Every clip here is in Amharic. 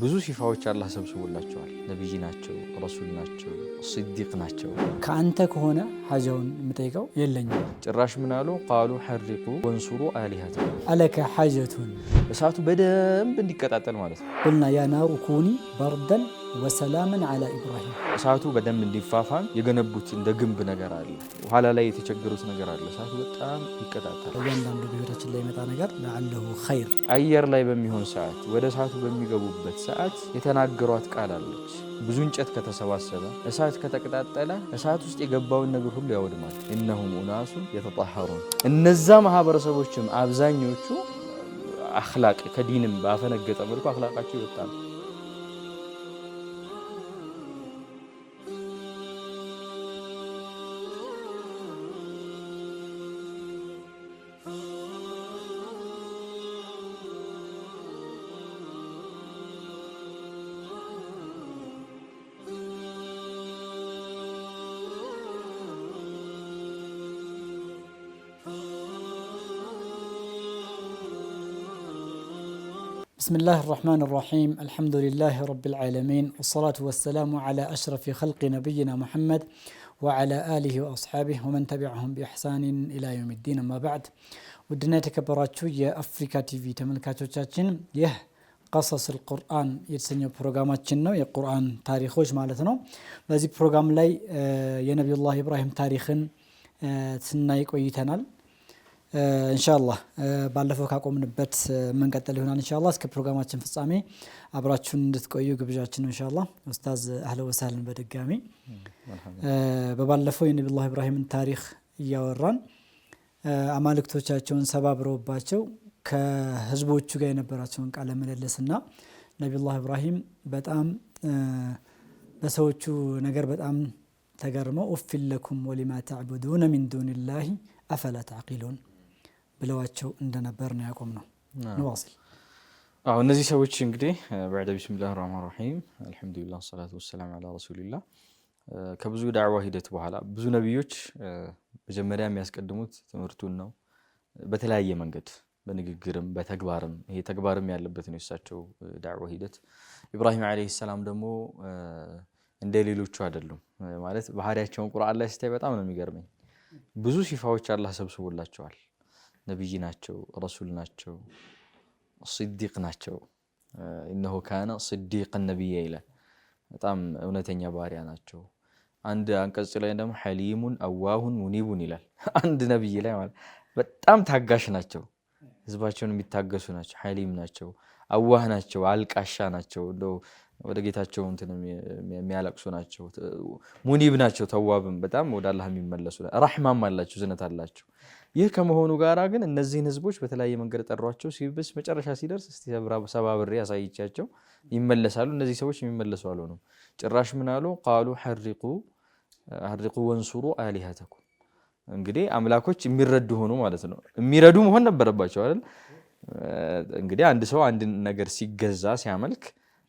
ብዙ ሲፋዎች አላህ ሰብስቦላቸዋል። ነቢይ ናቸው፣ ረሱል ናቸው፣ ስዲቅ ናቸው። ከአንተ ከሆነ ሐጃውን የምጠይቀው የለኝም። ጭራሽ ምናሉ ቃሉ ሐሪቁ ወንሱሩ አሊሃት አለከ ሐጀቱን እሳቱ በደንብ እንዲቀጣጠል ማለት ነው። ቁልና ያ ናሩ ኩኒ በርደን ወሰላምን አላ ኢብራሂም እሳቱ በደንብ እንዲፋፋም የገነቡት እንደ ግንብ ነገር አለ። ኋላ ላይ የተቸገሩት ነገር አለ። እሳቱ በጣም ይቀጣጠል። እያንዳንዱ በህይወታችን ላይ መጣ ነገር ለአለሁ ኸይር አየር ላይ በሚሆን ሰዓት ወደ እሳቱ በሚገቡበት ሰዓት የተናገሯት ቃል አለች። ብዙ እንጨት ከተሰባሰበ እሳት ከተቀጣጠለ እሳት ውስጥ የገባውን ነገር ሁሉ ያወድማል። እነሁም ኡናሱ የተጣሐሩን እነዛ ማህበረሰቦችም አብዛኞቹ አክላቅ ከዲንም ባፈነገጠ መልኩ አክላቃቸው ይወጣል። بسم الله الرحمن الرحيم الحمد لله رب العالمين والصلاة والسلام على أشرف خلق نبينا محمد وعلى آله وأصحابه ومن تبعهم بإحسان إلى يوم الدين ما بعد ودنا تكبراتشو يا أفريكا تي في تملكاتو تشاتشن يه قصص القرآن يتسنيو بروغامات شنو يا قرآن تاريخوش مالتنو بازي بروغام لي يا نبي الله إبراهيم تاريخن تسنايك ويتنال እንሻላ ባለፈው ካቆምንበት መንቀጠል ይሆናል። ኢንሻአላህ እስከ ፕሮግራማችን ፍጻሜ አብራችሁን እንድትቆዩ ግብዣችን። እንሻላ ኡስታዝ አህለ ወሳልን በድጋሚ በባለፈው የነቢዩላህ ኢብራሂምን ታሪክ እያወራን አማልክቶቻቸውን ሰባብረውባቸው ከህዝቦቹ ጋር የነበራቸውን ቃለ ምልልስና ነቢዩላህ ኢብራሂም በጣም በሰዎቹ ነገር በጣም ተገርመው ኡፊን ለኩም ወሊማ ተዕቡዱነ ሚን ዱንላሂ አፈላ ተዕቂሉን ብለዋቸው እንደነበር ነው ያቆም ነው ንዋስል አዎ እነዚህ ሰዎች እንግዲህ ባዕደ ቢስሚላህ ራህማን ራሒም አልሐምዱሊላህ ሰላቱ ወሰላም አላ ረሱሊላህ ከብዙ ዳዕዋ ሂደት በኋላ ብዙ ነቢዮች መጀመሪያ የሚያስቀድሙት ትምህርቱን ነው። በተለያየ መንገድ በንግግርም በተግባርም ይሄ ተግባርም ያለበት ነው የሳቸው ዳዕዋ ሂደት። ኢብራሂም ዓለይሂ ሰላም ደግሞ እንደ ሌሎቹ አይደሉም ማለት ባህሪያቸውን ቁርአን ላይ ስታይ በጣም ነው የሚገርመኝ። ብዙ ሲፋዎች አላህ ሰብስቦላቸዋል። ነቢይ ናቸው፣ ረሱል ናቸው፣ ስዲቅ ናቸው። እነሆ ካነ ስዲቅን ነቢያ ይላል። በጣም እውነተኛ ባህሪያ ናቸው። አንድ አንቀጽ ላይ ደግሞ ሐሊሙን አዋሁን ሙኒቡን ይላል። አንድ ነቢይ ላይ ማለት በጣም ታጋሽ ናቸው፣ ህዝባቸውን የሚታገሱ ናቸው፣ ሐሊም ናቸው፣ አዋህ ናቸው፣ አልቃሻ ናቸው፣ እንደው ወደ ጌታቸው የሚያለቅሱ ናቸው፣ ሙኒብ ናቸው፣ ተዋብም በጣም ወደ አላህ የሚመለሱ ራሕማም አላቸው፣ ዝነት አላቸው። ይህ ከመሆኑ ጋር ግን እነዚህን ህዝቦች በተለያየ መንገድ ጠሯቸው። ሲብስ መጨረሻ ሲደርስ እስቲ ሰባብሬ ያሳይቻቸው ይመለሳሉ። እነዚህ ሰዎች የሚመለሱ አልሆኑም። ጭራሽ ምን አሉ? ቃሉ ሐሪቁ ወንሱሩ አሊሃተኩም። እንግዲህ አምላኮች የሚረዱ ሆኑ ማለት ነው። የሚረዱ መሆን ነበረባቸው አይደል? እንግዲህ አንድ ሰው አንድ ነገር ሲገዛ ሲያመልክ፣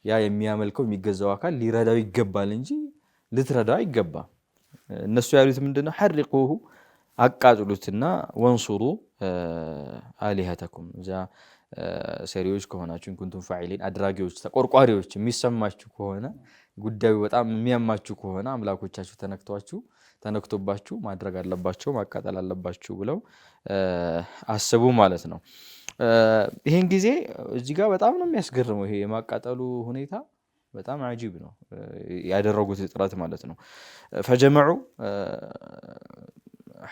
ያ የሚያመልከው የሚገዛው አካል ሊረዳው ይገባል እንጂ ልትረዳው አይገባም። እነሱ ያሉት ምንድነው? ሐሪቁሁ አቃጥሉትና ወንሱሩ አሊሀተኩም እዛ ሰሪዎች ከሆናችሁ ኢንኩንቱም ፋዒሊን አድራጊዎች፣ ተቆርቋሪዎች የሚሰማችሁ ከሆነ ጉዳዩ በጣም የሚያማችሁ ከሆነ አምላኮቻችሁ ተነክቷችሁ ተነክቶባችሁ ማድረግ አለባቸው ማቃጠል አለባችሁ ብለው አስቡ ማለት ነው። ይህን ጊዜ እዚህ ጋር በጣም ነው የሚያስገርመው ይሄ የማቃጠሉ ሁኔታ በጣም አጂብ ነው ያደረጉት ጥረት ማለት ነው። ፈጀመዑ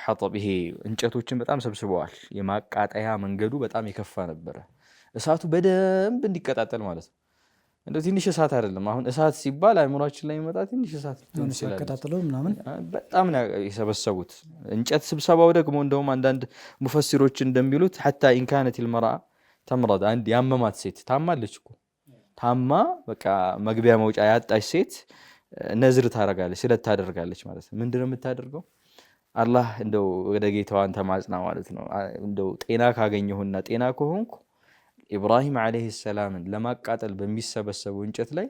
ሐጠብ ይሄ እንጨቶችን በጣም ሰብስበዋል። የማቃጠያ መንገዱ በጣም የከፋ ነበረ። እሳቱ በደንብ እንዲቀጣጠል ማለት ነው። እንደ ትንሽ እሳት አይደለም። አሁን እሳት ሲባል አይምሯችን ላይ የሚመጣ ትንሽ እሳት ሲያቀጣጥለው ምናምን በጣም የሰበሰቡት እንጨት። ስብሰባው ደግሞ እንደውም አንዳንድ ሙፈሲሮች እንደሚሉት ሐታ ኢንካነት ልመራ ተምረድ፣ አንድ ያመማት ሴት ታማለች እኮ ታማ በቃ መግቢያ መውጫ ያጣች ሴት ነዝር ታደርጋለች፣ ስለት ታደርጋለች ማለት ነው። ምንድነው የምታደርገው? አላህ እንደው ወደ ጌታዋን ተማጽና ማለት ነው። እንደው ጤና ካገኘሁና ጤና ከሆንኩ ኢብራሂም ዓለይሂ ሰላምን ለማቃጠል በሚሰበሰቡ እንጨት ላይ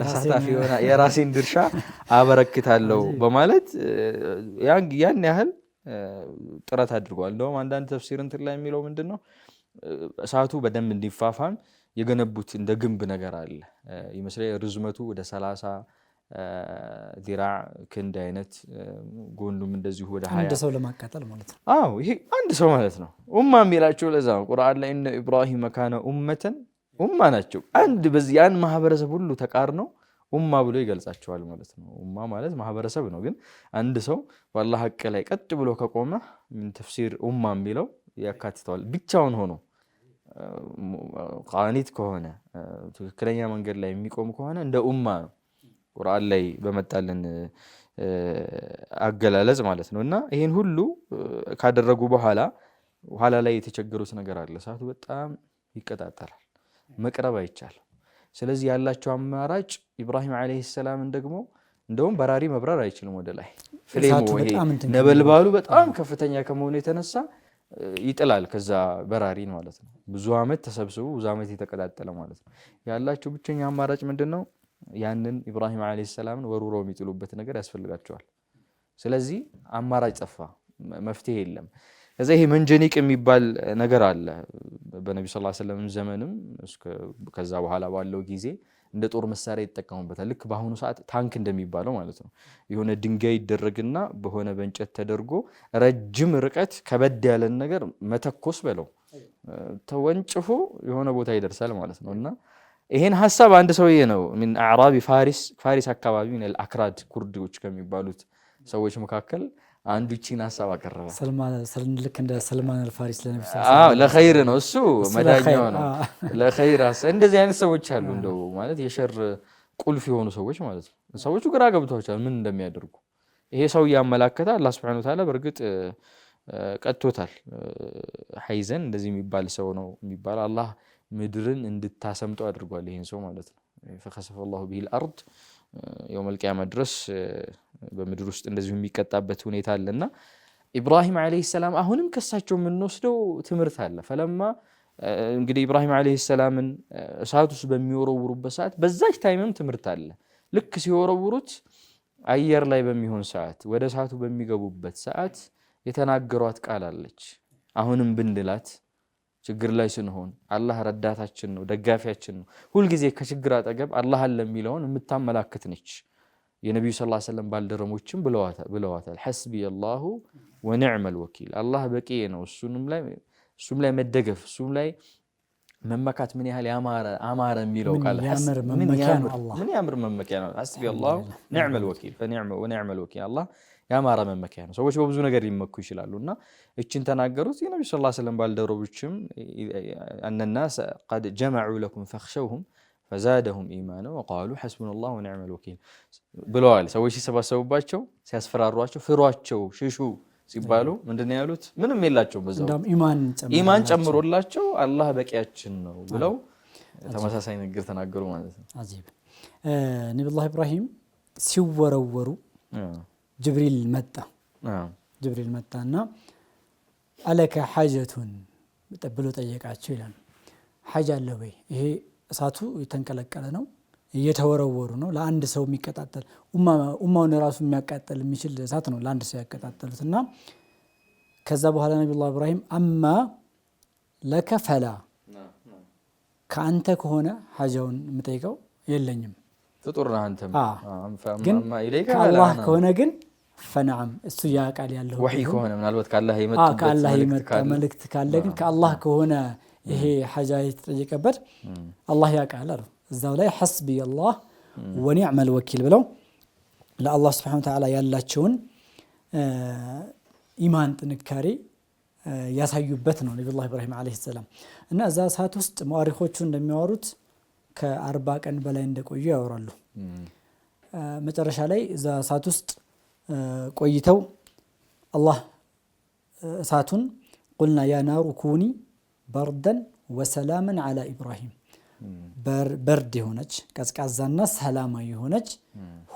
ተሳታፊ የሆነ የራሴን ድርሻ አበረክታለሁ በማለት ያን ያህል ጥረት አድርጓል። እንደውም አንዳንድ ተፍሲር እንትን ላይ የሚለው ምንድን ነው እሳቱ በደንብ እንዲፋፋም የገነቡት እንደ ግንብ ነገር አለ ይመስለኝ ርዝመቱ ወደ ሰላሳ ዲራ ክንድ አይነት ጎንዱም እንደዚሁ ወደ አንድ ሰው ለማቃጠል ማለት ነው። ይሄ አንድ ሰው ማለት ነው። ኡማ የሚላቸው ለዛ ነው። ቁርአን ላይ እነ ኢብራሂም ካነ ኡመተን ኡማ ናቸው። አንድ በዚህ ያን ማህበረሰብ ሁሉ ተቃር ነው ኡማ ብሎ ይገልጻቸዋል ማለት ነው። ኡማ ማለት ማህበረሰብ ነው። ግን አንድ ሰው በአላህ ሀቅ ላይ ቀጥ ብሎ ከቆመ ምን ተፍሲር ኡማ የሚለው ያካትተዋል። ብቻውን ሆኖ ቃኒት ከሆነ ትክክለኛ መንገድ ላይ የሚቆም ከሆነ እንደ ኡማ ነው። ቁርአን ላይ በመጣልን አገላለጽ ማለት ነው። እና ይህን ሁሉ ካደረጉ በኋላ ኋላ ላይ የተቸገሩት ነገር አለ። እሳቱ በጣም ይቀጣጠላል፣ መቅረብ አይቻልም። ስለዚህ ያላቸው አማራጭ ኢብራሂም ዓለይሂ ሰላምን ደግሞ እንደውም በራሪ መብራር አይችልም ወደ ላይ ነበልባሉ በጣም ከፍተኛ ከመሆኑ የተነሳ ይጥላል ከዛ በራሪን ማለት ነው። ብዙ ዓመት ተሰብስቦ ብዙ ዓመት የተቀጣጠለ ማለት ነው። ያላቸው ብቸኛ አማራጭ ምንድን ነው? ያንን ኢብራሂም ዓለይሂ ሰላምን ወርውረው የሚጥሉበት ነገር ያስፈልጋቸዋል። ስለዚህ አማራጭ ጠፋ፣ መፍትሄ የለም። ከዛ ይሄ መንጀኒቅ የሚባል ነገር አለ። በነቢ ስ ሰለም ዘመንም ከዛ በኋላ ባለው ጊዜ እንደ ጦር መሳሪያ ይጠቀሙበታል። ልክ በአሁኑ ሰዓት ታንክ እንደሚባለው ማለት ነው። የሆነ ድንጋይ ይደረግና በሆነ በእንጨት ተደርጎ ረጅም ርቀት ከበድ ያለን ነገር መተኮስ በለው ተወንጭፎ የሆነ ቦታ ይደርሳል ማለት ነው እና ይሄን ሀሳብ አንድ ሰውዬ ነው ሚን አዕራቢ ፋሪስ ፋሪስ አካባቢ ሚነል አክራድ ኩርዶች ከሚባሉት ሰዎች መካከል አንዱ ቺን ሀሳብ አቀረበ። ልክ እንደ ሰልማን አልፋሪስ ለኸይር ነው እሱ መዳኛው ነው ለኸይር እንደዚህ አይነት ሰዎች አሉ። እንደው ማለት የሸር ቁልፍ የሆኑ ሰዎች ማለት ነው። ሰዎቹ ግራ ገብቷቸዋል ምን እንደሚያደርጉ። ይሄ ሰው እያመላከተ አላህ ሱብሓነሁ ወተዓላ በእርግጥ ቀጥቶታል። ሐይዘን እንደዚህ የሚባል ሰው ነው የሚባል አላህ ምድርን እንድታሰምጠው አድርጓል። ይህን ሰው ማለት ነው። ፈከሰፈ ላሁ ቢሂል አርድ የውመል ቂያማ ድረስ በምድር ውስጥ እንደዚሁ የሚቀጣበት ሁኔታ አለና ኢብራሂም ዓለይሂ ሰላም አሁንም ከሳቸው የምንወስደው ትምህርት አለ። ፈለማ እንግዲህ ኢብራሂም ዓለይሂ ሰላምን እሳት ውስጥ በሚወረውሩበት ሰዓት በዛች ታይምም ትምህርት አለ። ልክ ሲወረውሩት አየር ላይ በሚሆን ሰዓት ወደ እሳቱ በሚገቡበት ሰዓት የተናገሯት ቃል አለች አሁንም ብንላት ችግር ላይ ስንሆን አላህ ረዳታችን ነው፣ ደጋፊያችን ነው። ሁልጊዜ ከችግር አጠገብ አላህ አለ የሚለውን የምታመላክት ነች። የነቢዩ ስ ሰለም ባልደረሞችም ብለዋታል፣ ሐስቢየ አላሁ ወኒዕመል ወኪል፣ አላህ በቂዬ ነው። እሱም ላይ መደገፍ እሱም ላይ መመካት ምን ያህል አማረ የሚለው ቃል ምን ያምር መመኪያ ነው። ሐስቢ አላሁ ኒዕመል ወኪል ወኒዕመል ወኪል አላህ ያማረ መመኪያ ነው። ሰዎች በብዙ ነገር ሊመኩ ይችላሉ እና እችን ተናገሩት። የነቢ ስ ስለም ባልደረቦችም አነናስ ቀድ ጀመዑ ለኩም ፈክሸውሁም ፈዛደሁም ኢማና ወቃሉ ሐስቡና ላሁ ወኒዕመል ወኪል ብለዋል። ሰዎች ሲሰባሰቡባቸው ሲያስፈራሯቸው፣ ፍሯቸው፣ ሽሹ ሲባሉ ምንድን ያሉት? ምንም የላቸው በዛው ኢማን ጨምሮላቸው አላህ በቂያችን ነው ብለው ተመሳሳይ ንግግር ተናገሩ ማለት ነው። አዚብ ነቢዩላህ ኢብራሂም ሲወረወሩ ጅብሪል መጣ። ጅብሪል መጣና አለከ ሐጀቱን ብሎ ጠየቃቸው ይላል። ሐጅ አለ ወይ? ይሄ እሳቱ የተንቀለቀለ ነው እየተወረወሩ ነው። ለአንድ ሰው የሚቀጣጠል ኡማውን ራሱ የሚያቃጠል የሚችል እሳት ነው ለአንድ ሰው ያቀጣጠሉት እና ከዛ በኋላ ነቢዩላህ ኢብራሂም አማ ለከ ፈላ ከአንተ ከሆነ ሀጃውን የምጠይቀው የለኝም ግን ከአላህ ከሆነ ግን ፈነዓም እሱ ያውቃል ያለሁ ከአላህ የመጣ መልእክት ካለ ግን ከአላህ ከሆነ ይሄ ሀጃ የተጠየቀበት አላህ ያውቃል አለው። እዛው ላይ ሐስቢየ አላህ ወኒዕመል ወኪል ብለው ለአላህ ስብሐነሁ ወተዓላ ያላቸውን ኢማን ጥንካሬ ያሳዩበት ነው ነቢዩላህ ኢብራሂም ዓለይሂ ሰላም። እና እዛ ሰዓት ውስጥ መዋሪኮቹ እንደሚያወሩት ከአርባ ቀን በላይ እንደቆዩ ያወራሉ። መጨረሻ ላይ እዛ እሳት ውስጥ ቆይተው አላህ እሳቱን ቁልና ያ ናሩ ኩኒ በርደን ወሰላመን ዓላ ኢብራሂም በርድ የሆነች ቀዝቃዛና ሰላማዊ የሆነች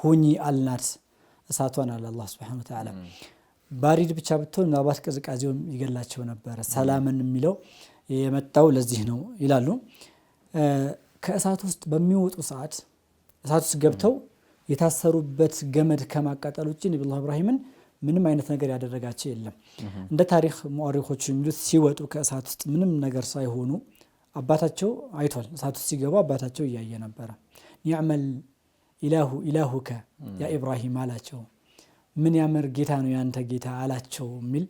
ሁኚ አልናት። እሳቷን አለ አላህ ሱብሓነሁ ወተዓላ። ባሪድ ብቻ ብትሆን ምናልባት ቅዝቃዜውም ይገላቸው ነበረ። ሰላምን የሚለው የመጣው ለዚህ ነው ይላሉ። ከእሳት ውስጥ በሚወጡ ሰዓት እሳት ውስጥ ገብተው የታሰሩበት ገመድ ከማቃጠል ውጭ ነቢዩላህ ኢብራሂምን ምንም አይነት ነገር ያደረጋቸው የለም። እንደ ታሪክ ሙአሪኮች የሚሉት ሲወጡ ከእሳት ውስጥ ምንም ነገር ሳይሆኑ አባታቸው አይቷል። እሳቱ ሲገቡ አባታቸው እያየ ነበረ። ኒዕመል ኢላሁ ኢላሁከ ያ ኢብራሂም አላቸው። ምን ያምር ጌታ ነው ያንተ ጌታ አላቸው የሚል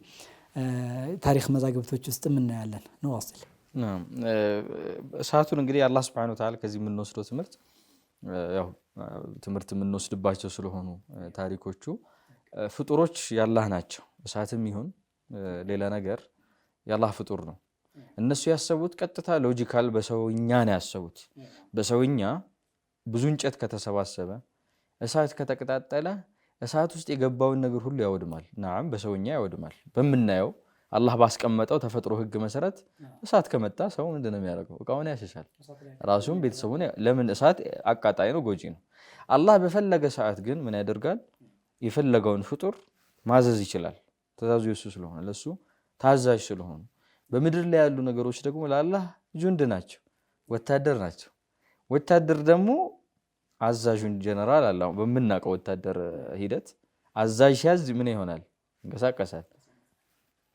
ታሪክ መዛግብቶች ውስጥ የምናያለን ነው። እሳቱን እንግዲህ አላህ ስብሐነሁ ወተዓላ ከዚህ የምንወስደው ትምህርት ያው ትምህርት የምንወስድባቸው ስለሆኑ ታሪኮቹ ፍጡሮች ያላህ ናቸው። እሳትም ይሁን ሌላ ነገር ያላህ ፍጡር ነው። እነሱ ያሰቡት ቀጥታ ሎጂካል በሰውኛ ነው ያሰቡት። በሰውኛ ብዙ እንጨት ከተሰባሰበ እሳት ከተቀጣጠለ እሳት ውስጥ የገባውን ነገር ሁሉ ያወድማል። ናም በሰውኛ ያወድማል። በምናየው አላህ ባስቀመጠው ተፈጥሮ ህግ መሰረት እሳት ከመጣ ሰው ምንድን ነው የሚያደርገው? እቃውን ያሸሻል፣ ራሱም ቤተሰቡን። ለምን እሳት አቃጣይ ነው፣ ጎጂ ነው። አላህ በፈለገ ሰዓት ግን ምን ያደርጋል? የፈለገውን ፍጡር ማዘዝ ይችላል። ትእዛዙ የሱ ስለሆነ ለሱ ታዛዥ ስለሆኑ በምድር ላይ ያሉ ነገሮች ደግሞ ለአላህ ጁንድ ናቸው፣ ወታደር ናቸው። ወታደር ደግሞ አዛዡን ጀነራል አለ። በምናውቀው ወታደር ሂደት አዛዥ ሲያዝ ምን ይሆናል? ይንቀሳቀሳል።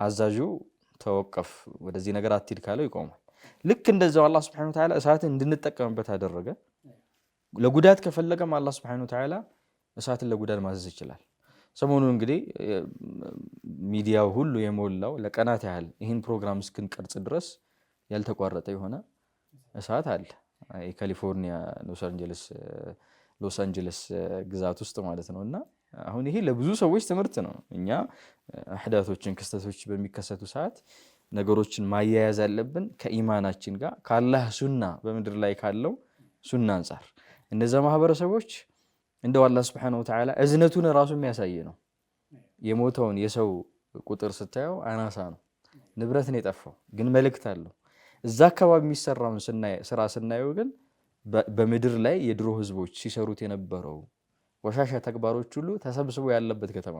አዛዡ ተወቀፍ፣ ወደዚህ ነገር አትሂድ ካለው ይቆማል። ልክ እንደዛው አላህ ሱብሓነሁ ወተዓላ እሳትን እንድንጠቀምበት አደረገ። ለጉዳት ከፈለገም አላህ ሱብሓነሁ ወተዓላ እሳትን ለጉዳት ማዘዝ ይችላል። ሰሞኑን እንግዲህ ሚዲያው ሁሉ የሞላው ለቀናት ያህል ይህን ፕሮግራም እስክንቀርጽ ድረስ ያልተቋረጠ የሆነ እሳት አለ። የካሊፎርኒያ ሎስ አንጀለስ ግዛት ውስጥ ማለት ነው። እና አሁን ይሄ ለብዙ ሰዎች ትምህርት ነው። እኛ አህዳቶችን ክስተቶች በሚከሰቱ ሰዓት ነገሮችን ማያያዝ አለብን ከኢማናችን ጋር ካላህ ሱና፣ በምድር ላይ ካለው ሱና አንጻር እነዚያ ማህበረሰቦች እንደው አላህ ስብሐነሁ ወተዓላ እዝነቱን ራሱ የሚያሳይ ነው። የሞተውን የሰው ቁጥር ስታየው አናሳ ነው። ንብረትን የጠፋው ግን መልእክት አለው። እዛ አካባቢ የሚሰራውን ስራ ስናየው ግን በምድር ላይ የድሮ ህዝቦች ሲሰሩት የነበረው ቆሻሻ ተግባሮች ሁሉ ተሰብስቦ ያለበት ከተማ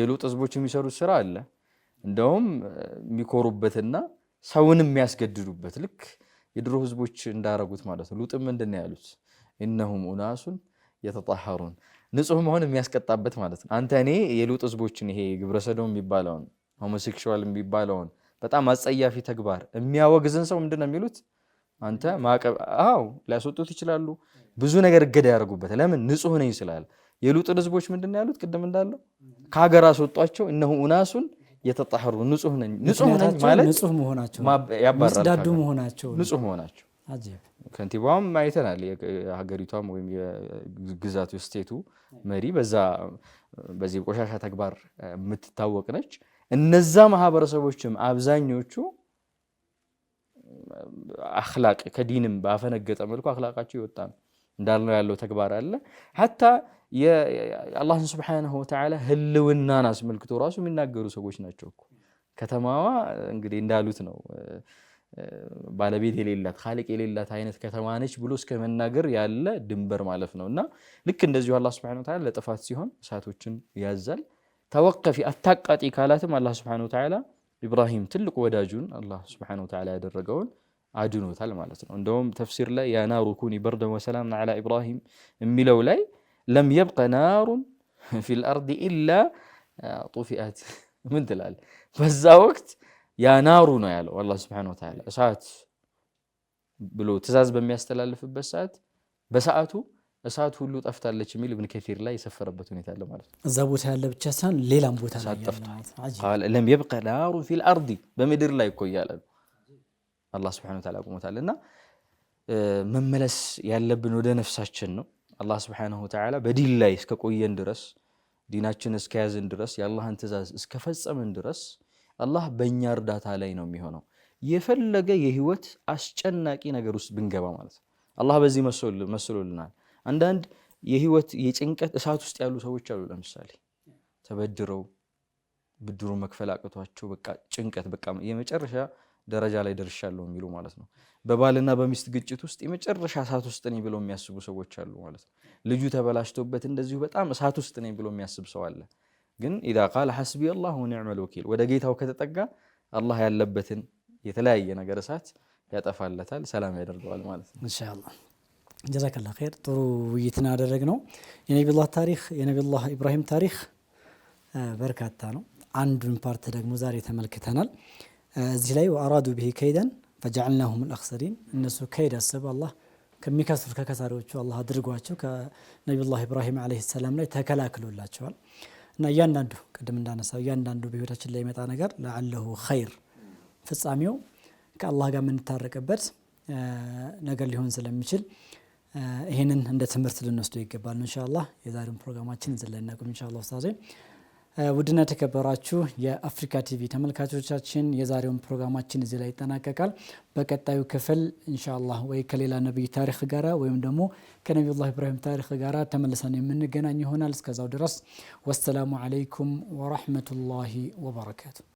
የሉጥ ህዝቦች የሚሰሩት ስራ አለ። እንደውም የሚኮሩበትና ሰውን የሚያስገድዱበት ልክ የድሮ ህዝቦች እንዳረጉት ማለት ነው። ሉጥም ምንድን ነው ያሉት? ኢነሁም ኡናሱን የተጣሐሩን ንጹህ መሆን የሚያስቀጣበት ማለት ነው። አንተ እኔ የሉጥ ህዝቦችን ይሄ ግብረሰዶም የሚባለውን ሆሞሴክሹዋል የሚባለውን በጣም አጸያፊ ተግባር የሚያወግዝን ሰው ምንድን ነው የሚሉት? አንተ ማዕቀብ አዎ ሊያስወጡት ይችላሉ። ብዙ ነገር እገዳ ያደርጉበት። ለምን ንጹህ ነኝ ስላለ። የሉጥን ህዝቦች ምንድን ያሉት? ቅድም እንዳለው ከሀገር አስወጧቸው። እነሁ እናሱን የተጣሩ ንጹህ ነኝ። ንጹህ ነኝ ማለት ንጹህ መሆናቸው፣ ያባራል፣ ንጹህ መሆናቸው ከንቲባም አይተናል። ሀገሪቷም ወይም ግዛቱ ስቴቱ መሪ በዛ በዚህ ቆሻሻ ተግባር የምትታወቅ ነች። እነዛ ማህበረሰቦችም አብዛኞቹ አክላቅ ከዲንም ባፈነገጠ መልኩ አክላቃቸው ይወጣ ነው እንዳልነው ያለው ተግባር አለ። ሐታ የአላህን ስብሓነሁ ወተዓላ ህልውናን አስመልክቶ ራሱ የሚናገሩ ሰዎች ናቸው እኮ ከተማዋ እንግዲህ እንዳሉት ነው ባለቤት የሌላት ኻሊቅ የሌላት አይነት ከተማ ነች ብሎ እስከ መናገር ያለ ድንበር ማለፍ ነው። እና ልክ እንደዚሁ አላህ ሱብሓነሁ ወተዓላ ለጥፋት ሲሆን እሳቶችን ያዛል። ተወቀፊ አታቃጢ ካላትም አላህ ሱብሓነሁ ወተዓላ ኢብራሂም ትልቅ ወዳጁን አላህ ሱብሓነሁ ወተዓላ ያደረገውን አድኖታል ማለት ነው። እንደውም ተፍሲር ላይ ያ ናሩ ኩኒ በርደን ወሰላምን ዐላ ኢብራሂም የሚለው ላይ ለም የብቀ ናሩን ፊል አርድ ኢላ ጡፊአት ምን ትላል በዛ ወቅት ያ ናሩ ነው ያለው አላህ ሱብሓነሁ ወተዓላ እሳት ብሎ ትእዛዝ በሚያስተላልፍበት ሰዓት በሰዓቱ እሳት ሁሉ ጠፍታለች የሚል እብን ከሲር ላይ የሰፈረበት ሁኔታ አለ ማለት ነው። እዛ ቦታ ያለ ብቻ ሳይሆን ሌላም ቦታ ጠፍቷል። ለም የብቀ ናሩ ፊል አርዲ በምድር ላይ እኮ እያለ ነው አላህ ሱብሓነሁ ወተዓላ አቁሞታል። እና መመለስ ያለብን ወደ ነፍሳችን ነው። አላህ ሱብሓነሁ ወተዓላ በዲን ላይ እስከቆየን ድረስ ዲናችን እስከያዝን ድረስ የአላህን ትእዛዝ እስከፈጸምን ድረስ አላህ በእኛ እርዳታ ላይ ነው የሚሆነው። የፈለገ የህይወት አስጨናቂ ነገር ውስጥ ብንገባ ማለት ነው። አላህ በዚህ መስሎልናል። አንዳንድ የህይወት የጭንቀት እሳት ውስጥ ያሉ ሰዎች አሉ። ለምሳሌ ተበድረው ብድሩን መክፈል አቅቷቸው በቃ ጭንቀት በቃ የመጨረሻ ደረጃ ላይ ደርሻለሁ የሚሉ ማለት ነው። በባልና በሚስት ግጭት ውስጥ የመጨረሻ እሳት ውስጥ ነኝ ብለው የሚያስቡ ሰዎች አሉ ማለት ነው። ልጁ ተበላሽቶበት እንደዚሁ በጣም እሳት ውስጥ ነኝ ብሎ የሚያስብ ሰው አለ። ግን ኢዛ ቃለ ሐስቢ አላህ ወኒዕመል ወኪል ወደ ጌታው ከተጠጋ አላህ ያለበትን የተለያየ ነገር እሳት ያጠፋለታል፣ ሰላም ያደርገዋል ማለት ነው። ኢንሻአላህ ጀዛከላ ኸይር። ጥሩ ውይይትን አደረግ ነው። የነቢዩላህ ታሪክ የነቢዩላህ ኢብራሂም ታሪክ በርካታ ነው። አንዱን ፓርት ደግሞ ዛሬ ተመልክተናል። እዚህ ላይ ወአራዱ ብሂ ከይደን ፈጀዐልናሁም አልአኽሰሪን እነሱ ከይድ አሰብ አላህ ከሚከስሩት ከከሳሪዎቹ አላህ አድርጓቸው ከነቢዩላህ ኢብራሂም ዓለይሂ ሰላም ላይ ተከላክሎላቸዋል። እና እያንዳንዱ ቅድም እንዳነሳው እያንዳንዱ በህይወታችን ላይ የመጣ ነገር ለአለሁ ኸይር ፍጻሜው ከአላህ ጋር የምንታረቅበት ነገር ሊሆን ስለሚችል ይህንን እንደ ትምህርት ልንወስደው ይገባል። እንሻ የዛሬውን ፕሮግራማችን ዝለናቁም እንሻ አላህ ውድና የተከበራችሁ የአፍሪካ ቲቪ ተመልካቾቻችን የዛሬውን ፕሮግራማችን እዚህ ላይ ይጠናቀቃል። በቀጣዩ ክፍል እንሻአላህ ወይ ከሌላ ነቢይ ታሪክ ጋራ ወይም ደግሞ ከነቢዩላህ ኢብራሂም ታሪክ ጋራ ተመልሰን የምንገናኝ ይሆናል። እስከዛው ድረስ ወሰላሙ አለይኩም ወራህመቱላሂ ወበረካቱ።